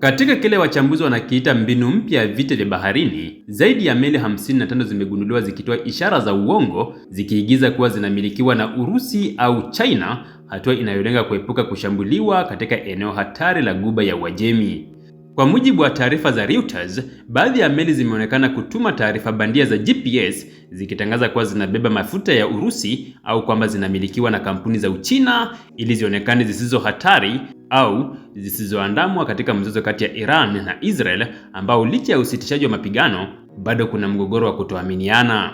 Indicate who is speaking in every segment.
Speaker 1: Katika kile wachambuzi wanakiita mbinu mpya ya vita vya baharini, zaidi ya meli 55 zimegunduliwa zikitoa ishara za uongo zikiigiza kuwa zinamilikiwa na Urusi au China, hatua inayolenga kuepuka kushambuliwa katika eneo hatari la guba ya Uajemi. Kwa mujibu wa taarifa za Reuters, baadhi ya meli zimeonekana kutuma taarifa bandia za GPS zikitangaza kuwa zinabeba mafuta ya Urusi au kwamba zinamilikiwa na kampuni za Uchina ili zionekane zisizo hatari au zisizoandamwa katika mzozo kati ya Iran na Israel ambao licha ya usitishaji wa mapigano bado kuna mgogoro wa kutoaminiana.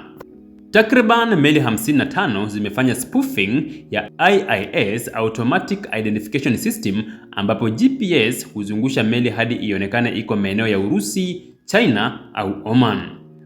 Speaker 1: Takriban meli 55 zimefanya spoofing ya IIS Automatic Identification System ambapo GPS huzungusha meli hadi ionekane iko maeneo ya Urusi, China au Oman.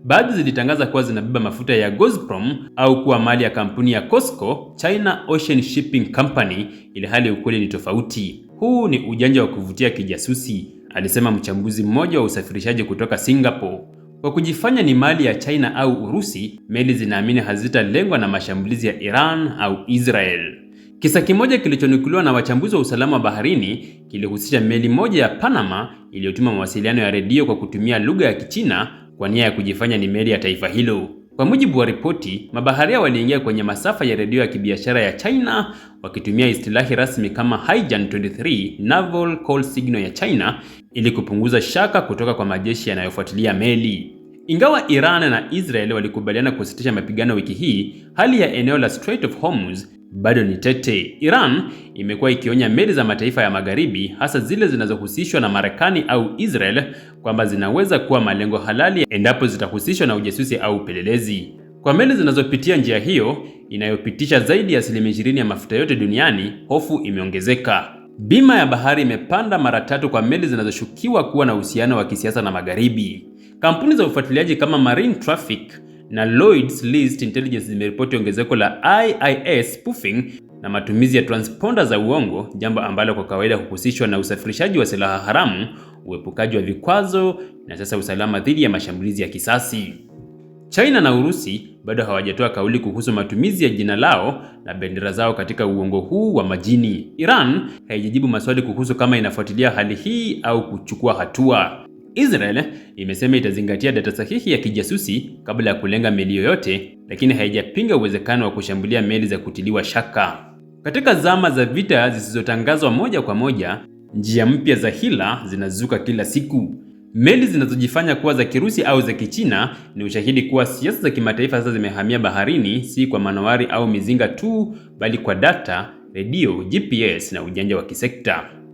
Speaker 1: Baadhi zilitangaza kuwa zinabeba mafuta ya Gazprom au kuwa mali ya kampuni ya COSCO, China Ocean Shipping Company, ili hali ukweli ni tofauti. Huu ni ujanja wa kuvutia kijasusi, alisema mchambuzi mmoja wa usafirishaji kutoka Singapore. Kwa kujifanya ni mali ya China au Urusi, meli zinaamini hazitalengwa na mashambulizi ya Iran au Israel. Kisa kimoja kilichonukuliwa na wachambuzi wa usalama wa baharini kilihusisha meli moja ya Panama iliyotuma mawasiliano ya redio kwa kutumia lugha ya Kichina kwa nia ya kujifanya ni meli ya taifa hilo. Kwa mujibu wa ripoti, mabaharia waliingia kwenye masafa ya redio ya kibiashara ya China wakitumia istilahi rasmi kama Haijian 23 Naval Call Signal ya China ili kupunguza shaka kutoka kwa majeshi yanayofuatilia meli. Ingawa Iran na Israel walikubaliana kusitisha mapigano wiki hii, hali ya eneo la Strait of Hormuz bado ni tete. Iran imekuwa ikionya meli za mataifa ya magharibi, hasa zile zinazohusishwa na Marekani au Israel, kwamba zinaweza kuwa malengo halali endapo zitahusishwa na ujasusi au upelelezi. Kwa meli zinazopitia njia hiyo inayopitisha zaidi ya asilimia 20 ya mafuta yote duniani, hofu imeongezeka. Bima ya bahari imepanda mara tatu kwa meli zinazoshukiwa kuwa na uhusiano wa kisiasa na magharibi. Kampuni za ufuatiliaji kama Marine Traffic na Lloyd's List Intelligence zimeripoti ongezeko la IIS spoofing na matumizi ya transponder za uongo, jambo ambalo kwa kawaida huhusishwa na usafirishaji wa silaha haramu, uepukaji wa vikwazo na sasa usalama dhidi ya mashambulizi ya kisasi. China na Urusi bado hawajatoa kauli kuhusu matumizi ya jina lao na bendera zao katika uongo huu wa majini. Iran haijajibu maswali kuhusu kama inafuatilia hali hii au kuchukua hatua. Israel imesema itazingatia data sahihi ya kijasusi kabla ya kulenga meli yoyote, lakini haijapinga uwezekano wa kushambulia meli za kutiliwa shaka. Katika zama za vita zisizotangazwa moja kwa moja, njia mpya za hila zinazuka kila siku. Meli zinazojifanya kuwa za Kirusi au za Kichina ni ushahidi kuwa siasa za kimataifa sasa zimehamia baharini, si kwa manowari au mizinga tu, bali kwa data, redio, GPS na ujanja wa kisekta.